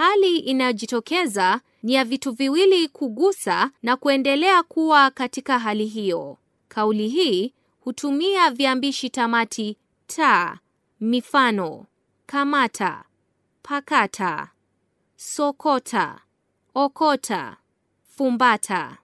Hali inayojitokeza ni ya vitu viwili kugusa na kuendelea kuwa katika hali hiyo. Kauli hii hutumia viambishi tamati ta. Mifano: kamata, pakata, sokota, okota, fumbata.